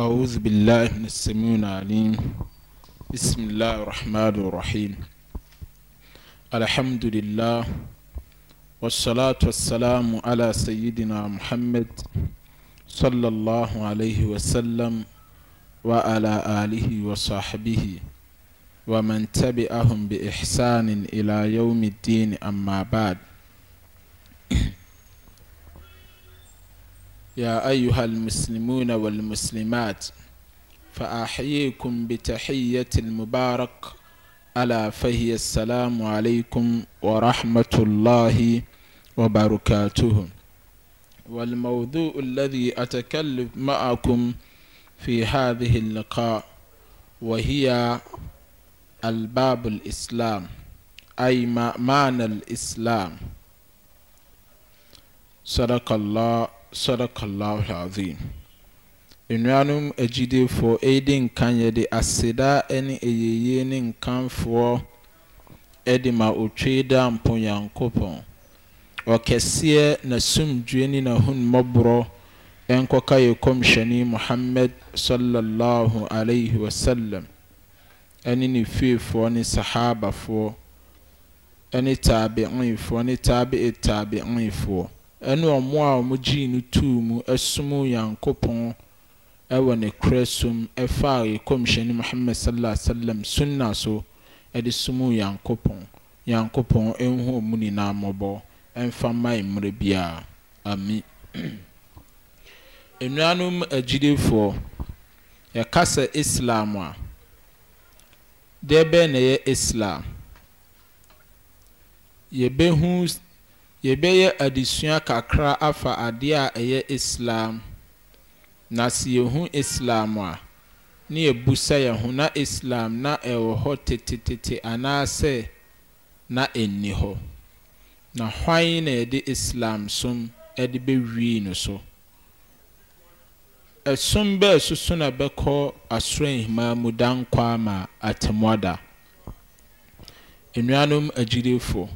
أعوذ بالله من السميع العليم بسم الله الرحمن الرحيم الحمد لله والصلاة والسلام على سيدنا محمد صلى الله عليه وسلم وعلى آله وصحبه ومن تبعهم بإحسان إلى يوم الدين أما بعد يا أيها المسلمون والمسلمات فأحييكم بتحية المبارك ألا فهي السلام عليكم ورحمة الله وبركاته والموضوع الذي أتكلم معكم في هذه اللقاء وهي الباب الإسلام أي معنى الإسلام صدق الله sadakallahul azim nnuanom agyidefoɔ ɛredi nkan yɛde aseda ne ayɛyie ne nkanfoɔ de ma otwe da mpo mponyankopɔn ɔkɛseɛ na sumdue ne n'ahonmmɔborɔ ɛnkɔka yɛ kɔmhyɛne muhammad sallallahu alaihi wasallam ɛne ne fiefoɔ ne sahabafoɔ ɛne taabi'ifoɔ ne taabi'i taabi'ifoɔ ɛne ɔmo a ɔmo gyee no tuu mu ɛsom nyankopɔn ɛwɔ ne korɛ som ɛfaa kɔmhyɛne muhammad sallallahu alaihi wasallam sunna so ɛde som nyankopɔn nyankopɔn ɛnhu ɔmo nyinaa mmɔbɔ ɛmfa mma mmerɛ biara ami nnuanom agyilefoɔ yɛkasa islam a deɛ bɛn na ɛyɛ islam yɛbɛhu yɛbɛyɛ adesua kakra afa adeɛ a ɛyɛ islam na sɛ yɛhu islam a ne yɛbusa yɛn ho na islam na ɛwɔ hɔ tetetete anaasɛ na ɛnni hɔ na hwan na yɛde islam som ɛde bɛwii no so ɛsom bɛɛ soso na bɛkɔ asoranhimaa mu dankwa ma atemmuada nnuanom agyirefoɔ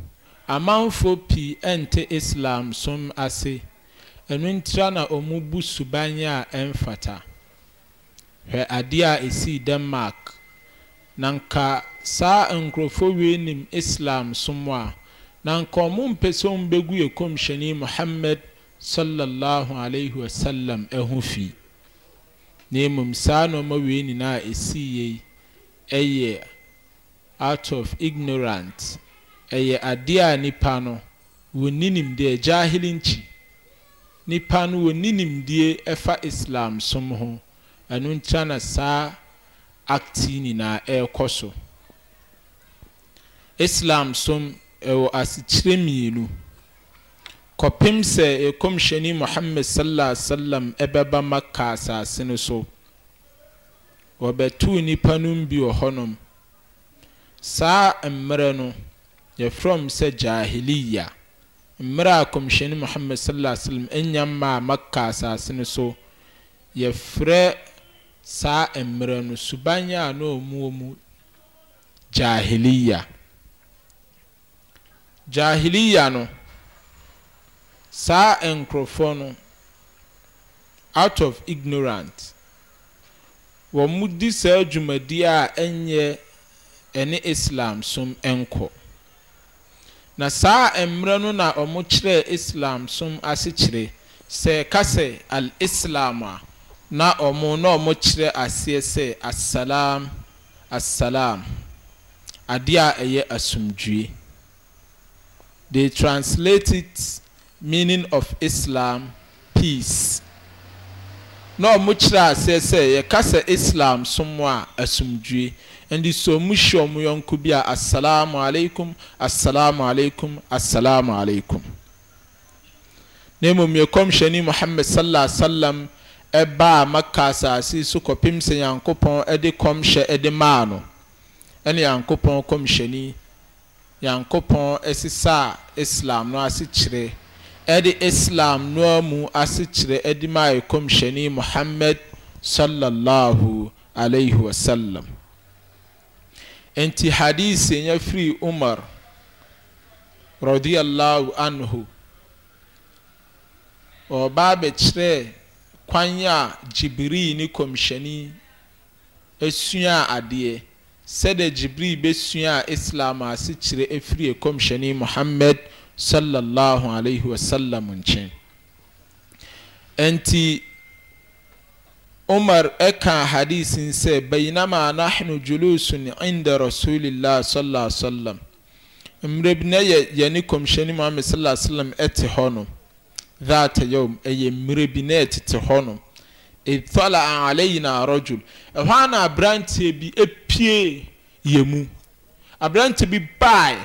amanfoɔ pii nte islam som ase ɛno ntira na wɔn bu suban a ɛmfata hwɛ adeɛ a ɛsii denmark na nka saa nkurɔfoɔ wei nim islam som a na nka wɔn mpɛ sɛ wɔn bɛgu yɛ kɔmhyɛni muhammad sallallahu alaihi wasallam ɛho fi na mmom saa nneɛma wei nyinaa ɛsii yɛ ɛyɛ out of ignorance ɛyɛ adeɛ a nipa no wɔnni nimdeɛ gyahili nkyi nipa no wɔnni nimdeɛ ɛfa islam som ho ɛno nkyɛn na saa akti nyinaa ɛrekɔ so islam som ɛwɔ asekyerɛ mmienu kɔpem sɛ ɛkɔmhyɛni muhammad sallallahu alaihi wasallam ɛbɛba maka asase no so wɔbɛtuu nipa no bi wɔ hɔnom saa mmerɛ no yɛfrɛ m sɛ jahiliya mmerɛ a kɔmhyɛne muhammad sallallahu alaihi ɛnya anya mmaa maka asase no so yɛfrɛ saa mmerɛ no subanya a na ɔmuɔ mu jahiliya jahiliya no saa nkurɔfoɔ no out of ignorant wɔn mu di saa dwumadi a ɛnyɛ ɛne islam som nkɔ. na saa mmerɛ no na wɔn islam som ase kyerɛ sɛ kasɛ al islam a na wɔn na wɔn aseɛ sɛ asalam asalam adeɛ a ɛyɛ asomdwie they translated meaning of islam peace na wɔn kyerɛ aseɛ sɛ yɛkasa islam som a asomdwie ɛnti sɛ ɔmu hyɛ ɔmo yɔnko bi a asalaamu alaikum asalaamu alaikum asalaamu alaikum na mmom yɛ kɔmhyɛni muhammad sallallahu alaihi wasallam ɛbaa maka asase so kɔpem sɛ nyankopɔn ɛde kɔmhyɛ ɛde maa no ɛne nyankopɔn kɔmhyɛni nyankopɔn ɛsesa islam no ase kyerɛ ɛde islam no mu ase kyerɛ ɛde maa yɛ kɔmhyɛni muhammad sallallahu alaihi wasallam nti hadisi nyɛ firi umar radiallahu anhu ɔbaa bɛkyerɛ kwan a jibril ne kɔmhyɛni esua adeɛ sɛdeɛ jibril bɛsua islam ase kyerɛ efiri kɔmhyɛni muhammad sallallahu alaihi wa sallam nkyɛn nti umar ɛka hadisin sɛ bayinama nahnu julusun inda rasulillah sallallahu alaihi wasallam mmerɛ bi na yɛ yɛne kɔmhyɛni muhammed sallallahu alaihi wasallam ɛte hɔ no that yawm ɛyɛ mmerɛ bi na ɛtete hɔ no itala alayna rajul ɛhɔ ana aberanteɛ bi epie yɛ mu aberanteɛ bi bae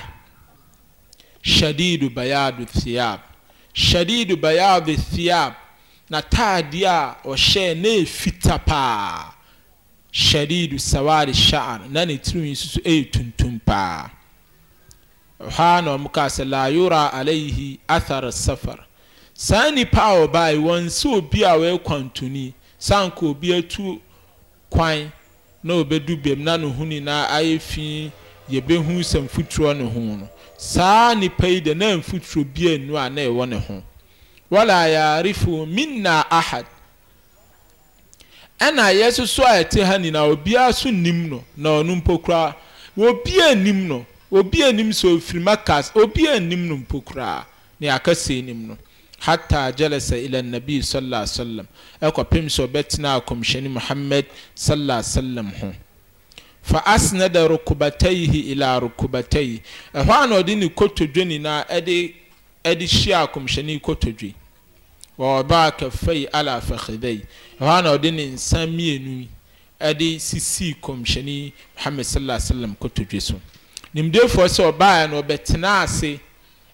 shadidu bayadu thiyab shadidu bayadu thiyab n'ataadeɛ a ɔhyɛ na yɛ fita paa shadidu sawari sha'an na ne tirinwi nso yɛ tuntum paa ɔha na wɔn kaa sɛ layora alayhi athar safar saa nipa a ɔbaa yi wɔn nsi obi a wɔyɛ kwantoni sanka obi atu kwan na obedu bɛm na ne ho nyinaa ayɛ fi yɛbɛhu sɛ mfuturo ne ho no saa nipa yi de na mfuturo bi anu a na ɛwɔ ne ho wala yarifu minna ahad ɛna yɛ soso a ɛte ha nyinaa obiara so nim no na ɔno mpo koraa obiara nim no obiara nim sɛ ofiri makas obiara nim no mpo koraa na yɛakasa nim no hatta jalasa ila nabi sallallahu alaihi wasallam ɛkɔpem sɛ ɔbɛtena akɔmhyɛni muhammad sallallahu alaihi wasallam ho fa asnada rukubataihi ila rukubataihi ɛhɔ a na ɔde ne kotodwe nyinaa ɛde ɛde hyia akɔmhyɛni kotodwe wɔɔbaa kɛfɛyi ala afɛkɛdɛyi ɛhɔ na ɔde ne nsa mmienu ɛde sisi kɔmhyɛni muhammed sallallahu alaihi wa sallam kotodwe so nimdefoɔ sɛ ɔbaa no ɔbɛtena ase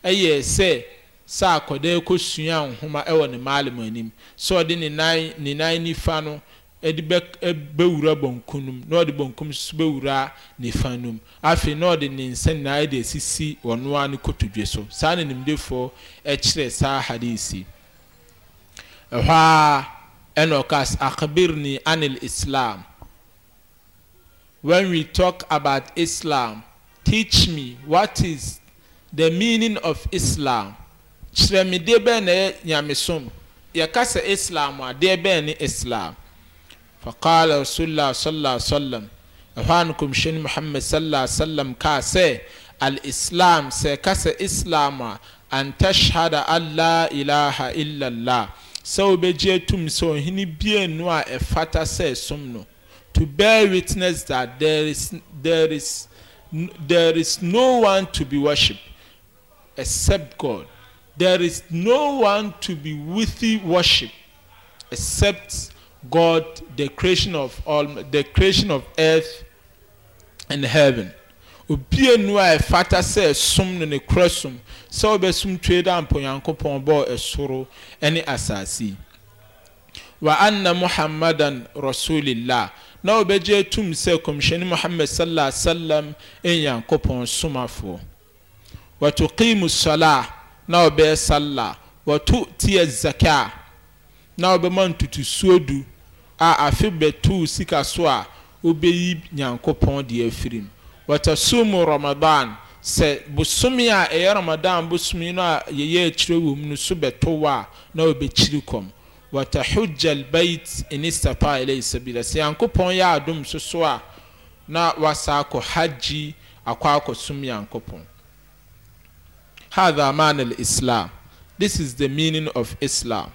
ɛyɛ sɛ sɛ akɔdaa kɔsua nhoma ɛwɔ ne maalem anim sɛ ɔde ne nan ne nan nifa no ɛde bɛwura bankum nom na ɔde bankum nso bɛwura nifa nom afei na ɔde ne nsa nyinaa ɛde asisi wɔn ne kotodwe so saa na nimdefoɔ ɛkyerɛ saa hadisi ɛhɔ a ɛna ɔkas akabirni anil islam when we talk about islam teach me what is the meaning of islam kyerɛ me deɛ bɛn na yɛ nyamesom yɛkasa islam a deɛ bɛn ne islam fakala rasulillah sallallahu alaihi wasallam ɛhɔ a no kɔmhyɛni muhammad sallallahu alaihi wasallam kaa sɛ al-islam sɛ kasa islam a an tashhada an la sɛ wobɛgye atum sɛ ɔhene bienu a ɛfata sɛ ɛsom no to bear witness that there is there is there is no one to be worshipped except God there is no one to be worthy worship except God the creation of all the creation of earth and heaven obie nu a ɛfata sɛ som no ne korɛ som sɛ wɔbɛsom twe da mponyankopɔn bɔɔ ɛsoro ne asase wa anna muhammadan rasulillah na wɔbɛgye atum sɛ kɔmhyɛne muhammad sallallahu alaihi wasallam nyankopɔn somafoɔ watuqimu sala na wɔbɛyɛ salla watu'tiya zaka na wɔbɛma ntutusuo du a afe bɛtoo sika so a wobɛyi nyankopɔn deɛ afirim watasumu ramadan sɛ bosome a ɛyɛ ramadan bosome no a yɛyɛ akyirɛ wɔ mu no so bɛto a na wɔbɛkyiri kɔm watahujja albait in istata ilayhi sabila sɛ yankopɔn yɛ adom so so a na wasa akɔ hagyi akɔ akɔsom yankopɔn hadha man islam this is the meaning of islam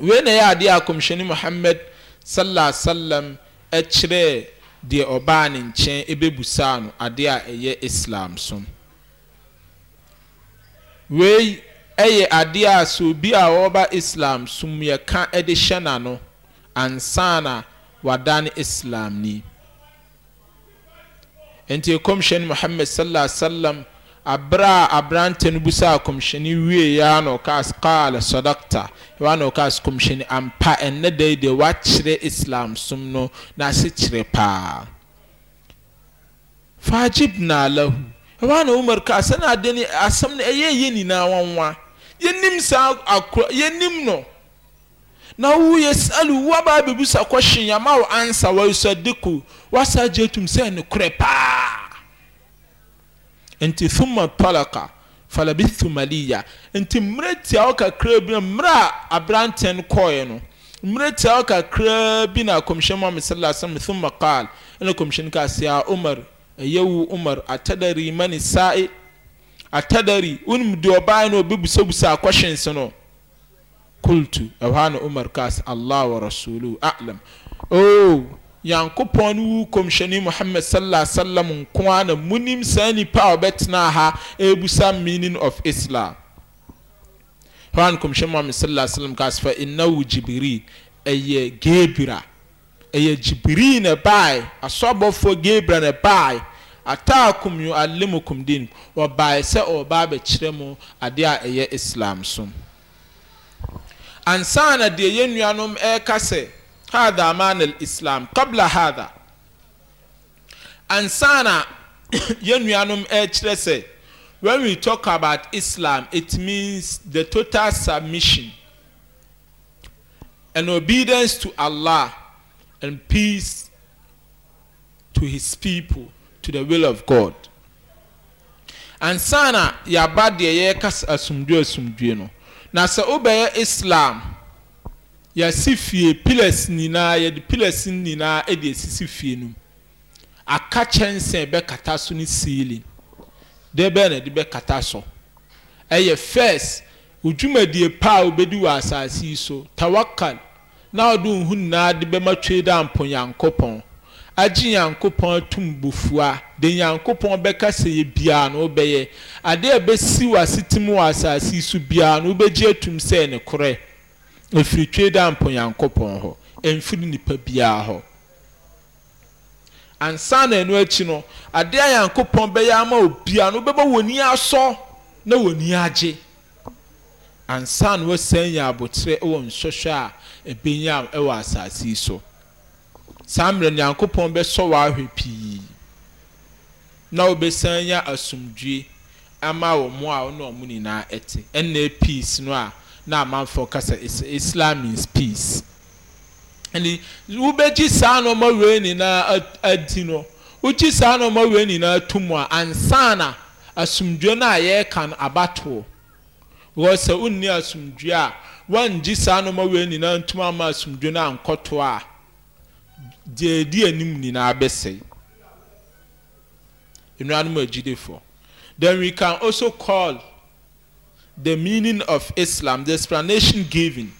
wei na yɛ adeɛ a kɔmhyɛne muhammad sallallahu alaihi wasallam ɛkyerɛɛ deɛ ɔbaa ne nkyɛn ɛbɛbusaa no adeɛ a ɛyɛ islam so wei ɛyɛ adeɛ a sɛ obi a ɔreba islam so mu yɛka ɛde hyɛ n'ano ansa wadane islam ni nti kɔmhyɛn muhammad sallallahu alaihi wa sallam Abra a aberante no busa kɔmhyɛni wie ya na ɔkaas kaala sɔdakta wa na ɔkaas kɔmhyɛni ampa ɛnna de deɛ wakyerɛ islam som no n'ase kyerɛ paa faagye na alahu wa na umar ka asɛn ade ne asɛm no ɛyɛ yɛ nyinaa wanwa yɛnim saa akora yɛnim no na wo yɛ salu waba abebusa kɔhyɛn yamma wo ansa wɔyɛ sɔdiku wasa gye tum ne korɛ paa nti thumma talaka falabithu maliya nti mmerɛ tia wo kakra bi mmerɛ a aberanteɛ no kɔɔeɛ no mmerɛ tia wo kakra bi na kɔmhyɛ mu amesala sɛm thumma qal ɛna kɔmhyɛ no kaa a omar ɛyɛ wo atadari mani sae atadari wonim deɛ ɔbaa no ɔbɛbusabusa akɔhyense no kultu ɛhɔ a na omar kaa allah wa Rasulu, alam oh yankopɔn no wu kɔmhyɛni muhammad sallallahu alaihi wasallam nko ara na munim saa nipa a ɔbɛtena ha ebusa meaning of islam hwan kɔmhyɛni muhammad sallallahu alaihi wasallam kaasa fa innahu jibril ɛyɛ gebra ɛyɛ jibril na bae asɔbɔfoɔ gebra na bae ataakum yu alimukum din ɔbae sɛ ɔba abɛkyerɛ mu adeɛ a ɛyɛ islam so ansa na deɛ yɛn nuanom ɛreka sɛ hadha manal islam qabla hadha ansana yɛn nuanom ɛrekyerɛ sɛ when we talk about islam it means the total submission and obedience to allah and peace to his people to the will of god ansana yaba deɛ yɛrekasa asomdwe asomdwe no na sɛ wobɛyɛ islam yɛasi fie pillars nyinaa yɛde pillars nyinaa de asisi fie no mu aka kyɛnsee bɛkata so ne ceiling de bɛn na de bɛkata so ɛyɛ first odwumadie pa a wobɛdi wɔ asase yi so tawakal na ɔde nhu nyinaa de bɛma twe da mpo nyankopɔn agye nyankopɔn atum bufua de nyankopɔn bɛka sɛ yɛ biara no wobɛyɛ adeɛ a bɛsi wɔ asetem wɔ asase yi so biara no wobɛgye atum sɛ ne korɛ ɛfiri twe da mpɔnyankopɔn hɔ ɛmfiri nipa biara hɔ ansa na ɛno akyi no ade a nyankopɔn bɛyɛ ama obia no wobɛbɔ wɔni asɔ na wɔni agye ansa na wɔsan nya abotire wɔ nsɔhwɛ a ɛbɛnya wɔ asase so saa mmerɛ nyankopɔn bɛsɔ w'ahwɛ pii na wobɛsan nya asomdwe ama wɔn a wɔn a wɔn nyinaa te ɛnna peace no a na amanfoɔ kasa islam is peace ɛni wobɛgye saa nneɛma wei nyinaa adi no wogye saa nneɛma wei nyinaa to mu a ansana asomdwe no a yɛreka no abatoɔ wɔ sɛ wonni asomdwe a wɔngye saa nneɛma wei nyinaa ntom ama asomdwe no ankɔtoɔ a deɛ edi anim nyinaa bɛsɛe nnuanom agyidefoɔ then we can also call the meaning of Islam, the explanation given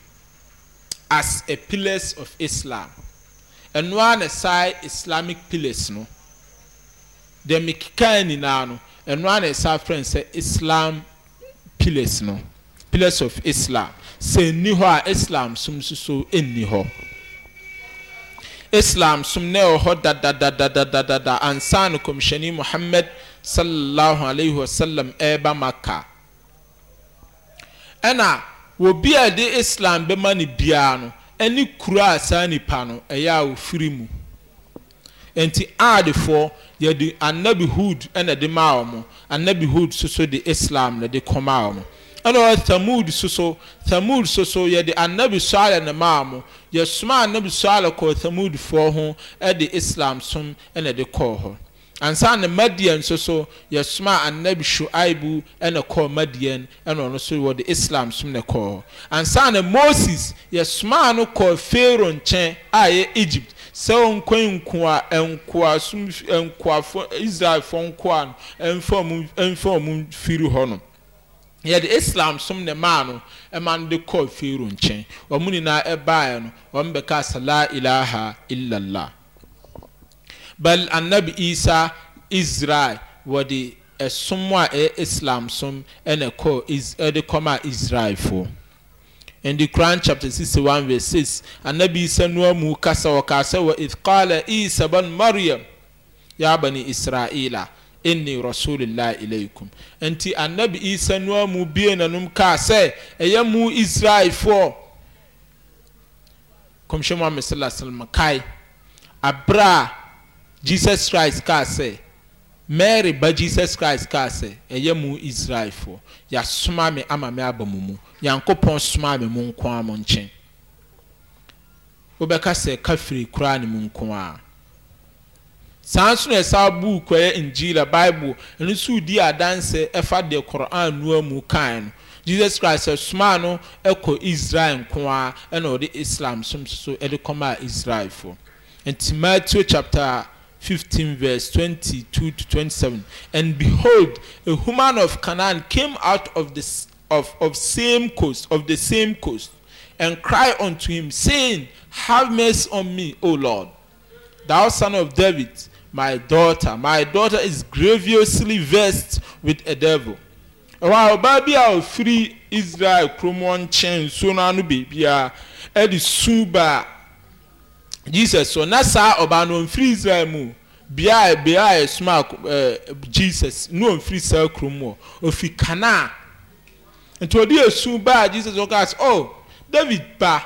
as a pillars of Islam. And one aside Islamic pillars no. The mekika nyinaa no, and one aside friends say Islam pillars no. Pillars of Islam. Sɛ nni hɔ a Islam som soso nni hɔ. Islam som na ɛwɔ hɔ dadadadadadada ansa no kɔmhyɛni Muhammad sallallahu alaihi wasallam ɛreba maka ɛna obi a ɛde islam bɛma no biara no ɛne kura a saa nipa no ɛyɛ a ofiri mu nti aadefoɔ yɛde anabi hood ɛna de maa wɔn anabi hood soso de islam na de kɔmaa wɔn ɛna ɔyɛ thamud soso thamud soso yɛde anabi sɔɔla na maa wɔn yɛsoma anabi sɔɔla kɔɔ thamudfoɔ ho ɛde islam som ɛna de kɔɔ hɔ ansa na madian nso so yɛsoma anabi shuaibu ɛna kɔɔ madian ɛna ɔno so wɔde islam som na kɔɔ ansa na moses yɛsoma no kɔɔ pharaoh nkyɛn a ɛyɛ egypt sɛ ɔnkɔ nkoa nkoa som nkoafo israelfoɔ nkoa no ɛmfa ɔmo ɛmfa ɔmo firi hɔ no yɛde islam som ne maa no ɛma no de kɔɔ pharaoh nkyɛn ɔmo nyinaa ɛbaeɛ no ɔmo bɛka asa la ilaha illallah bal annabi isa israel wɔde ɛsom a ɛyɛ islam som ɛna kɔɔ is ɛde kɔma in the Quran chapter 61 verse 6 annabi isa nua mu kasa wɔ kasa wɔ ithqala isa ban maryam ya bani isra'ila inni rasulillah ilaykum nti annabi isa nua mu bie nanum kaa sɛ ɛyɛ mu israelfoɔ kɔmhyɛ muhammad sallallahu alaihi wasallam kae abraa jesus christ kaa sɛ mary ba jesus christ kaa sɛ ɛyɛ mu israelfoɔ yasoma me ama me aba mu mu yankopɔn soma me mu nko a mo nkyɛn wobɛka sɛ kafiri koraa ne mu nko a saa nso na ɛsa buuk ɛyɛ injila bible ɛno nso di adanse ɛfa deɛ koran nua mu kan no jesus christ ɛsoma no ɛkɔ israel nko a ɛna ɔde islam som so ɛde kɔmaa israelfoɔ nti matthew chapter 15 verse 22 to 27 and behold a woman of canaan came out of the of, of same coast of the same coast and cried unto him saying have mercy on me o lord thou son of david my daughter my daughter is grievously vexed with a devil ɛwɔ a bi a ɔfiri israel kurom nkyɛn nsuo no ano a ɛde su baa jesus so na saa ɔbaa no ɔmfiri israel mu bea bea a ɛsoma ɛɛ jesus na ɔmfiri saa kurom wɔ ɔfi kanaa nti ɔde esu baa jesus ɔka ase oh david ba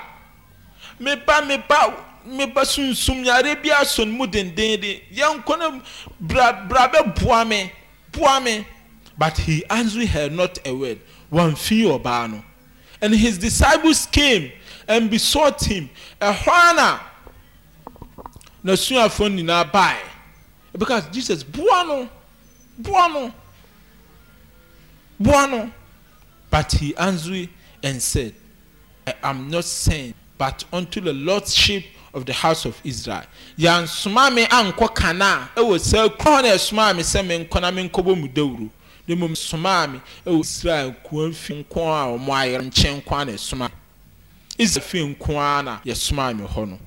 me ba me ba me ba sunsun yare bi aso ne mu dendenden yɛn nkɔ ne bra bra bɛ boa me boa me but he answered her not a word wɔmfiri ɔbaa no and his disciples came and besought him ɛhɔ ana n'asuafoɔ nyinaa bae because jesus boa no boa no boa no but he answered and said i am not sent but unto the lordship of the house of israel yansoma me ankɔ kana a ɛwɔ saa kuro hɔ na ɛsoma me sɛ me nkɔ na me nkɔbɔ mu dawuro ne mu soma me ɛwɔ israel nkoa fi nko a wɔn ayɛ nkyɛn nko na ɛsoma israel fi nko a na yɛsoma me hɔ no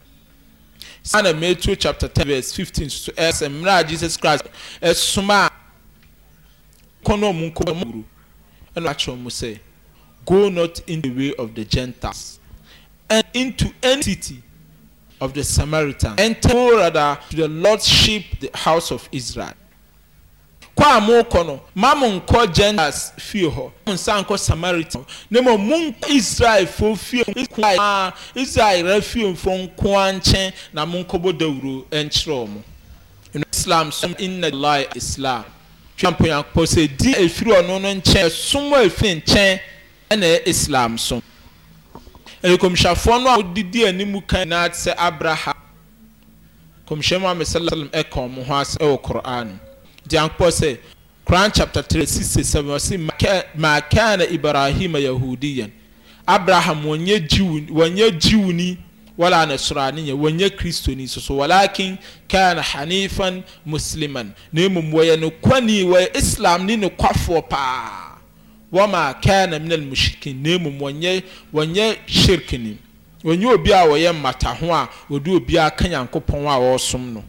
sanna matthew chapter ten verse fifteen so ɛsɛ mmerɛ a jesus christ ɛsoma a kɔnɔ mu nkɔ mu wuru ɛna akyerɛ mu sɛ go not in the way of the gentiles and into any city of the samaritans enter rather to the lordship the house of israel kɔ a mo kɔ no ma mo nkɔ gentiles fie hɔ mo nsa nkɔ samaritan ne mo mo nkɔ israel fo fie nko a israel ra fie fo nko a nkyɛn na mo nkɔbɔ dawuro nkyerɛ wɔn islam som inna lai islam twamponya kpɔ sɛ di efiri ɔno no nkyɛn som efiri nkyɛn ɛna islam som ekomishafoɔ no a wɔdidi anim kan na sɛ abraham komishyɛn mu amesalasalam ɛka wɔn ho ase ɛwɔ koraan diankpɔ sɛ Quran chapter 3 67 wɔsi makana Ibrahim yahudiyan Abraham wɔnyɛ jiwu wɔnyɛ jiwuni wala nasrani yɛ wɔnyɛ kristoni soso walakin kana hanifan musliman na emom wɔyɛ ne kwani wɔyɛ islam ne ne kwafoɔ paa wɔma kana minal mushrikin na emom wɔnyɛ wɔnyɛ shirkini wɔnyɛ obi a wɔyɛ mmata ho a wɔde obi aka nyankopɔn a wɔresom no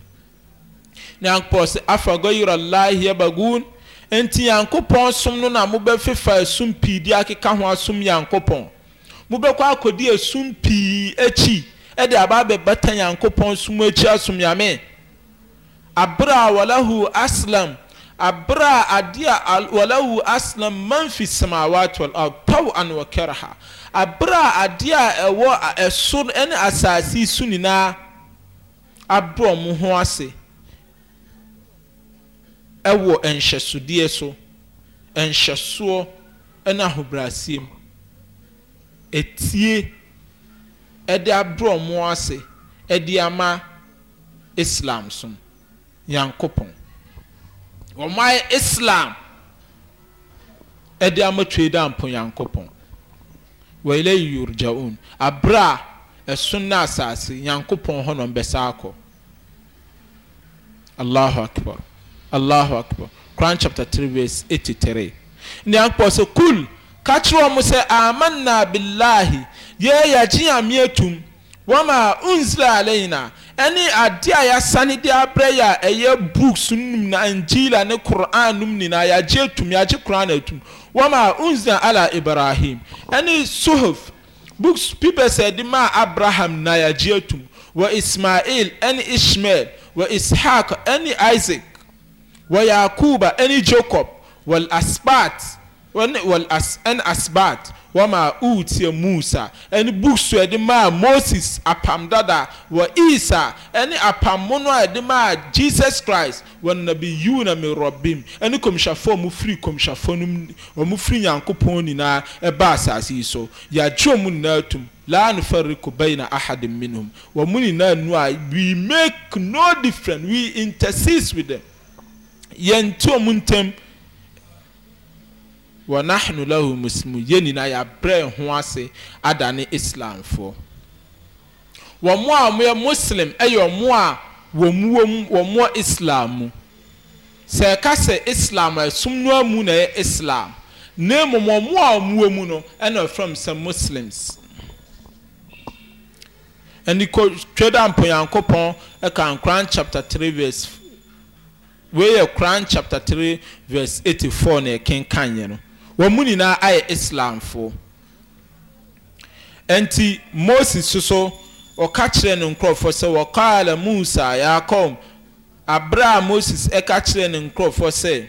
nyankopɔn sɛ afa gɔyira lahi abagun nti nyankopɔn som no na mobɛfefa esum pii de akeka ho asom nyankopɔn mobɛkɔ akɔdi esum pii akyi ɛde aba abɛbata nyankopɔn som akyi asom nyame abere a walahu aslam abere a adeɛ a aslam manfi samawat wal ard taw an wa karaha abere a adeɛ a ɛwɔ ɛsoro ɛne asase so nyinaa aborɔ mo ho ase ɛwɔ nhyɛsodeɛ so nhyɛsoɔ ɛna ahobrɛaseɛ mu etie ɛde abrɔ ɔmo ase ɛde ama islam so yankopɔn wɔn ayɛ islam ɛde ama tue da yankopɔn wɔyɛ yurjaun abra ɛso na asase yankopɔn hɔ nom bɛsa akɔ allahu akbar allahu akbar quran chapter three verse eighty three nyankpɔ sɛ kul kakyerɛ wɔn sɛ amanna billahi yɛ yɛgye nyame atum wɔn a unsila aleyina ɛne adeɛ a yɛasane de abrɛ yɛ a ɛyɛ books num na angila ne quran num nyinaa yɛagye atum yɛagye quran atum wɔn a unsila ala ibrahim ɛne suhuf books pipes a yɛde maa abraham na yɛagye atum wɔ ismail ɛne ishmael wɔ ishaq ɛne isaac wa yakuba ɛne jacob wɔl aspat wɔl as ɛne asbat wɔma utia musa ɛne books so ɛde maa moses apam dada wɔ isa ɛne apam mono a ɛde maa jesus christ wɔ nabi na mi rɔbim ɛne kɔmhyɛfoɔ mu firi kɔmhyɛfoɔ no mu wɔn firi nyankopɔn nyinaa ɛba asase yi so yagyeɛ mu nyinaa tum laa no fɛre ko bɛyi na ahadi minum wɔn nyinaa nu we make no different, we intercede with them yɛnte ɔmo ntɛm wɔnahnu lahu muslimu yɛn nyinaa yɛabrɛ ho ase adane islamfoɔ wɔn a wɔyɛ muslim ɛyɛ wɔn a wɔn wɔ wɔn wɔ islam mu sɛ ɛka sɛ islam ɛsom no mu na ɛyɛ islam na mmom wɔn a wɔn wɔ mu no ɛna ɛfrɛm sɛ muslims ɛni kɔ twɛ dɛ mpɔnyankopɔn ɛka nkran chapter three verse wei yɛ Quran chapter three verse eighty four na ɛkenkan yɛ no wɔn mu nyinaa ayɛ Islamfoɔ nti Moses soso ɔka kyerɛ ne nkurɔfoɔ sɛ wɔkaala Musa yaakɔm abere a Moses ɛka kyerɛ ne nkurɔfoɔ sɛ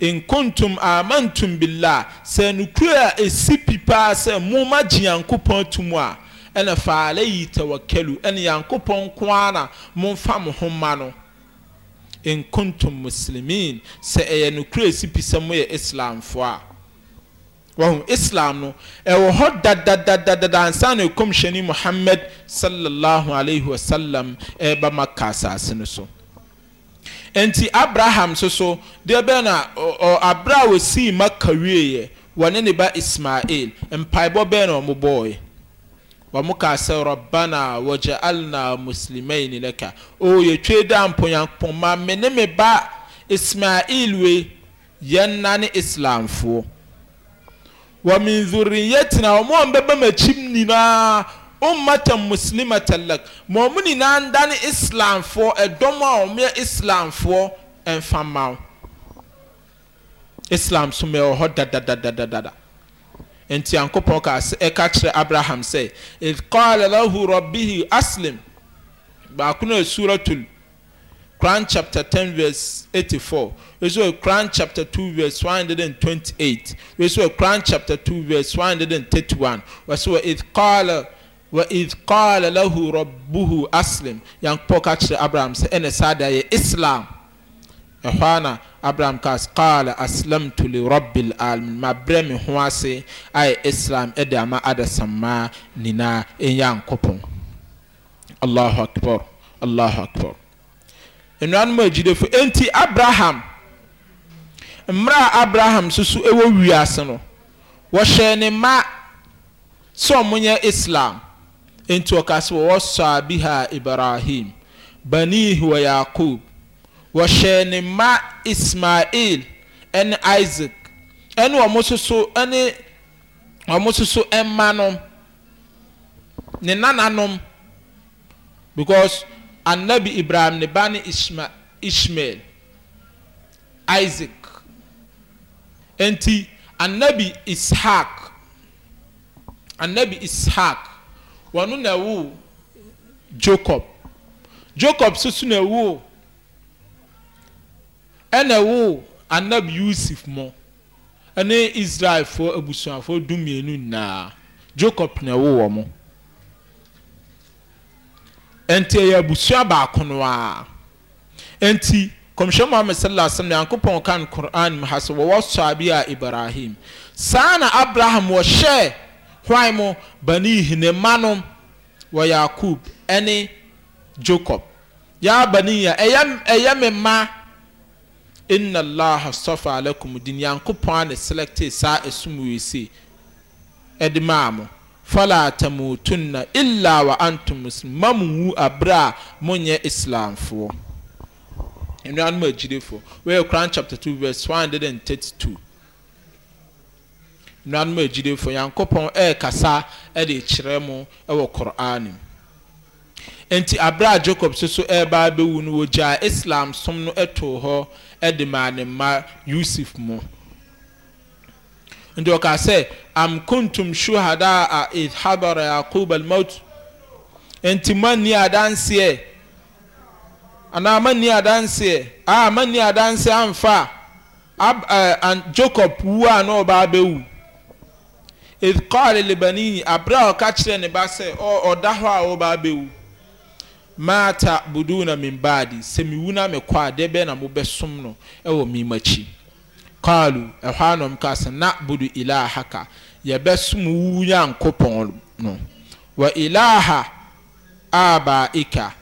nkontom amantum billah sɛ nukuri a esi pipaa sɛ moma gye yankopɔn to mu a ɛna faale yi tawakalu ɛna yankopɔn nko ara na momfa mo ho ma no nkontom muslimin sɛ ɛyɛ nokura esipisa mo yɛ Islam foa wɔn islam no ɛwɔ hɔ dadadadadada ansa na ekɔmhyɛni muhammad sallallahu alayhi wa sallam ɛreba maka asase no so nti abraham nso so deɛ bɛn na ɔ abra a osii maka wieɛ wɔne ne ba ismail mpaebɔ bɛn na wɔn bɔɔɛ wɔn kaa sɛ rɔbana wɔgye alina muslimai ni lɛka o yɛtwe da mponyankpɔn ma me ne me ba ismail we yɛn na ne islamfoɔ wɔ min zuriyatina wɔn a bɛbɛ m'akyim nyinaa ummata muslimata lak ma wɔn nyinaa da ne islamfoɔ ɛdɔm a wɔn yɛ islamfoɔ ɛnfa ma wɔn islam so mɛ wɔ hɔ dadadadadada nti ankopɔn ka ɛka e kyerɛ abraham sɛ qala lahu rabbihi aslim baako no suratul Quran chapter ten verse 84. We saw Quran chapter two verse one hundred and 128. We saw Quran chapter two verse one hundred and 131. We saw it qala wa idh qala lahu rabbuhu aslim. Yang pɔ ka kyerɛ Abraham sɛ ɛna saa da yɛ Islam ɛhɔ na abraham kas qaala aslamtu li rabbil alamin ma brɛ me ho ase ayɛ islam ɛde ama adasammaa nyinaa ɛnyɛ ankɔpɔn allahu akbar allahu akbar nnuanom agyidefo enti abraham mmerɛ a abraham soso ɛwɔ wiase no wɔhyɛ ne mma sɛ ɔmo nyɛ islam enti ɔka sɛ wɔwɔ saabiha ibrahim banihi wa yakub wɔhyɛ ne mma ismail ɛne isaac ɛne wɔn nso so ɛne wɔn nso so mma nom ne nananom because anabi ibrahim ne ba ne ishma ishmael isaac nti anabi ishaq anabi ishaq wɔn na ɛwo jacob jacob soso na ɛwo ɛna ɛwo anab yusuf mo ɛne israelfoɔ abusuafoɔ du mmienu nyinaa jacob na ɛwo wɔn nti ɛyɛ abusua baako no a nti kɔmhyɛn muhammed sallallahu alaihi wa sallam yankopɔn kan koran mu ha sɛ wɔwɔ sɔabi a ibrahim saa na abraham wɔhyɛ hwan mu bani hinema no wɔ yakub ɛne jacob yaa bani ya ɛyɛ ɛyɛ me mma inna allah sɔfa alakum din yankopɔn a ne selecte saa esum wiese ɛde maa mo fala tamutunna illa wa antum muslim ma mo wu abere a monyɛ islamfoɔ nnuanom agyirefoɔ wɔyɛ koran chapter two verse one hundred and thirty two nnuanom agyirefoɔ yankopɔn ɛrekasa ɛde kyerɛ mo ɛwɔ koran nti abere jacob soso ɛreba abɛwu no wɔgyaa islam som no ɛtoo hɔ ɛde maa ne mma yusuf mu nti ɔka sɛ am kuntum shuhada a id habara yaqub almaut nti manni adanseɛ anaa manni adanseɛ a manni adanseɛ amfa ab ɛɛ eh, jacob wu a na ɔbaa bɛwu id qala libanihi abira a ɔka kyerɛ ne ba sɛ ɔ ɔda hɔ a ɔbaa bɛwu mata buduna min baadi sɛ mewu na mekɔ a dɛ bɛɛ na mobɛsom no ɛwɔ e me makyi kalu ɛhɔ e anom ka sɛ na budu ilahaka yɛbɛsom wu nyankopɔn no wa ilaha abaika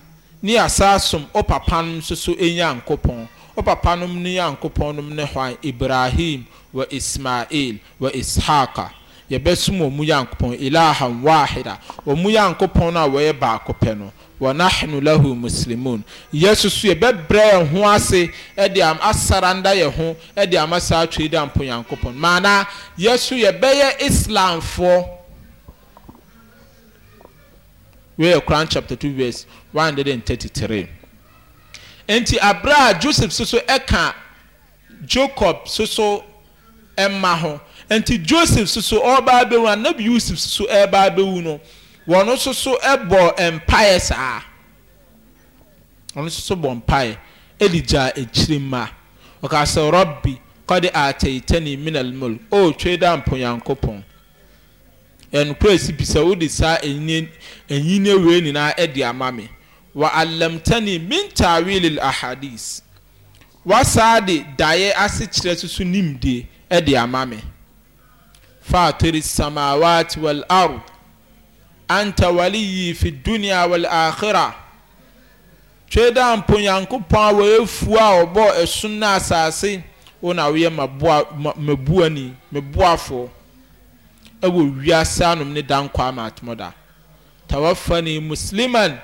ne yɛasa som wo papanom nso so e nyankopɔn wo papanom ne nyankopɔn nom ne hwan ibrahim wa ismail wa ishaqa yɛbɛsom wɔ mu nyankopɔn ilahan wahida wɔ mu nyankopɔn no a wɔyɛ baako pɛ no wa nahnu lahu muslimun yesu so yɛbɛbrɛ yɛn ho ase ɛde e am asaranda yɛn ho ɛde e am asa atwere dɛ ampo yankopɔn maana yesu yɛbɛyɛ islamfoɔ wei yɛ koran chapter two verse one hundred and thirty-three nti abraa joseph soso ɛka e jacob soso ɛma ho nti joseph soso ɔbaa bɛwu anabi yusuf soso ɛbaa bɛwu no wɔn nso so bɔ mpaeɛ saa wɔn nso so bɔ mpaeɛ ɛde gya akyire mma ɔka sɛ rɔbi kɔde ataitani minal mul o twe da mponyankopɔn ɛnukura si bisa wode saa ɛnyine wei nyinaa ɛde ama me wa alamtani min tawilil ahadis wasaa de daeɛ asekyerɛ soso nimdie ɛde ama me faatiri samawati wal ard anta waliyi fi dunia wal akhira twe da mpo nyankopɔn a wɔyɛ fu a ɔbɔ ɛso no asase wo na woyɛ mabuani meboafoɔ ɛwɔ wiase anom ne dankɔ ama atom da tawafani musliman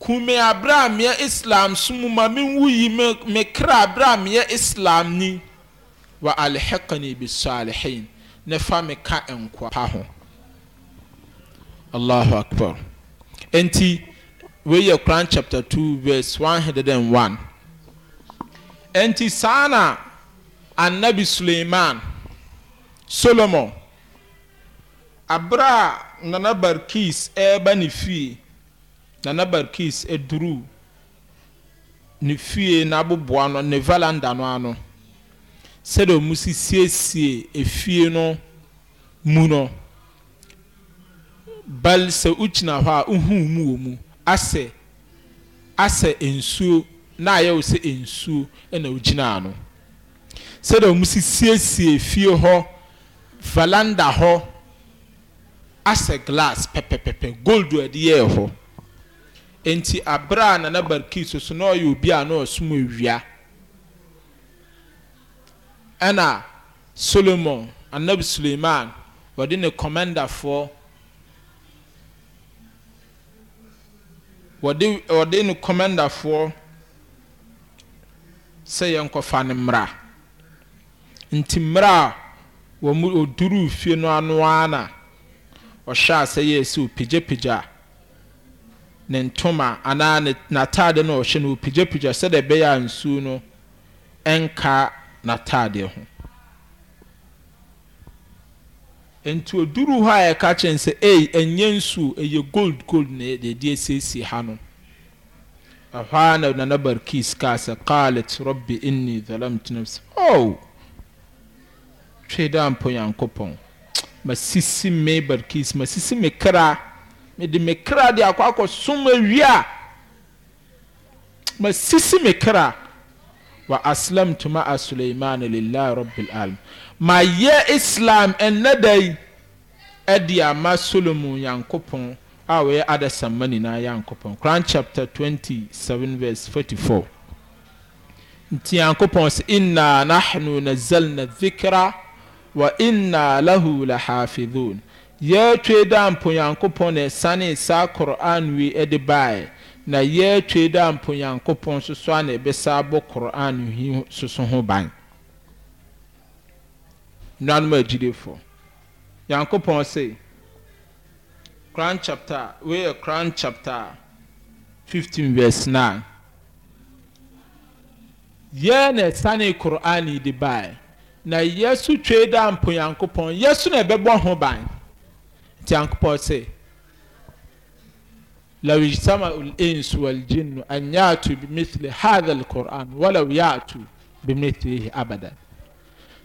kume aberɛ a meɛ islam so mu ma menwu yi me kra abere a meɛ islam ni wa alhekani bisalehin ne fa me ka nkwa pa ho allahu akbar enti wei yɛ quran chapter Two verse One 101 enti saa na annabi suleiman solomon abere a nana barkis ɛreba ne fie nana barkis aduru ne fie n'aboboa no ne valanda no ano sɛdeɛ ɔmo si siesie efie no mu no bal sɛ wogyina hɔ a wohuu mu wɔ mu asɛ asɛ nsuo na ayɛ wo sɛ nsuo na wogyinaa no sɛdeɛ wɔn si siesie fie hɔ valanda hɔ asɛ glass pɛpɛpɛpɛ gold a yɛde yɛɛ hɔ nti abere a nana barki so so na ɔyɛ obi a na ɔsom awia ɛna solomon anabi suleiman wɔde ne kɔmɛndafoɔ wɔde wɔde ne kɔmɛndafoɔ sɛ yɛn kɔfa ne mmra nti mmra a wɔn oduru fie no ano na ɔhyɛ asɛ yɛ esi opigyapigya ne ntoma anaa ne n'ataade no a ɔhyɛ no opigyapigya sɛdeɛ ɛbɛyɛ a nsuo no ɛnka n'ataade ho. nti oduru hɔ a yɛka kyɛn sɛ ei ɛnyɛ nsuo ɛyɛ gold gold na yɛde asiesie ha no ɛhɔ na nana barkis kaa sɛ qalet rabbi inni zalamtu nafsi oh twe dɛ mpo nyankopɔn masisi me barkis masisi me kra mede me kra de akɔ akɔsom awie a masisi me kra wa aslam tuma a suleiman lillahi rabbil alam ma yɛ islam ɛnna da yi ɛde ama solomon yankopɔn a wɔyɛ adasamma nyinaa yankopɔn quran chapter twenty seven verse forty four nti yankopɔn sɛ inna nahnu nazalna dhikra wa inna lahu lahafidhun yɛtwe da mpo na ɛsane saa quran wi ɛde baeɛ na yɛatwe dɛ ampo nyankopɔn soso a na ɛbɛsa abɔ koran hi soso ho ban nnuanom agyidefoɔ nyankopɔn sei Quran chapter wei yɛ Quran chapter fifteen verse nine yɛ na ɛsane koran yi de bae na yɛso twe dɛ ampo nyankopɔn yɛso na ɛbɛbɔ ho ban nti nyankopɔn sei لو اجتمع الإنس والجن أن يأتوا بمثل هذا القرآن ولو يأتوا بمثله أبدا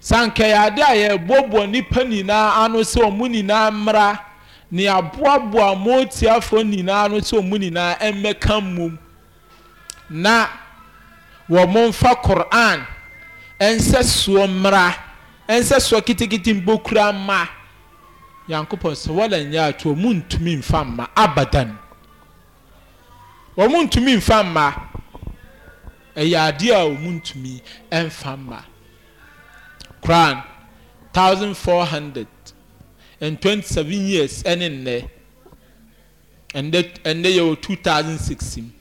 sankɛyade a yɛboaboa nnipa nyinaa ano sɛ ɔmo nyinaa mmra ne aboaboa mmotiafoɔ nyinaa no sɛ ɔmo nyinaa mmɛka mmom na wɔn mfa koran nsɛsoɔ mmra nsɛsoɔ kitikiti mbokura mma yankopɔn sɛ wɔlɛ nyɛ ato ɔmo ntumi mfa mma abadan wɔn ntumi nfa mmaa ɛyɛ adeɛ a wɔn ntumi nfa mmaa koran thousand four hundred and twenty seven years ɛne nnɛ ɛnɛ ɛnɛ yɛ wɔ two thousand sixteen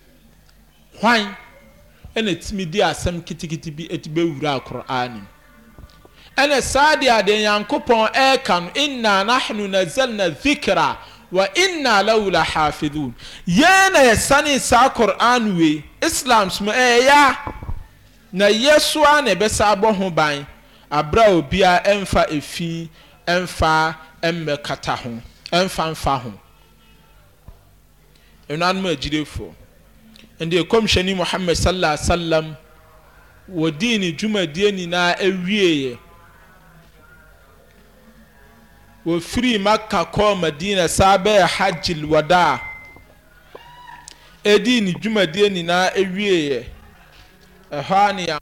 hwan ɛna tumi di asɛm kitikiti bi ɛti bɛwura koran mu ɛna saa deɛ adeɛ nyankopɔn ɛɛka no inna nahnu nazalna zikra wa inna lahu la hafidhun yɛn eh, na yɛsane saa qur'an wei islam som ɛɛyɛ na yɛsoa na ɛbɛsa abɔ ho ban abra obiara ɛmfa efi ɛmfa ɛmmɛkata ho ɛmfa mfa ho ɛnuanom agyirefoɔ ɛnde kɔmhyɛni muhammad sallallahu alaihi wa sallam wɔ diini dwumadie nyinaa awieeɛ wɔfiri maka kɔɔ madina saa bɛyɛ hajjil wada a ɛdii ne dwumadie nyinaa awieeɛ ɛhɔ a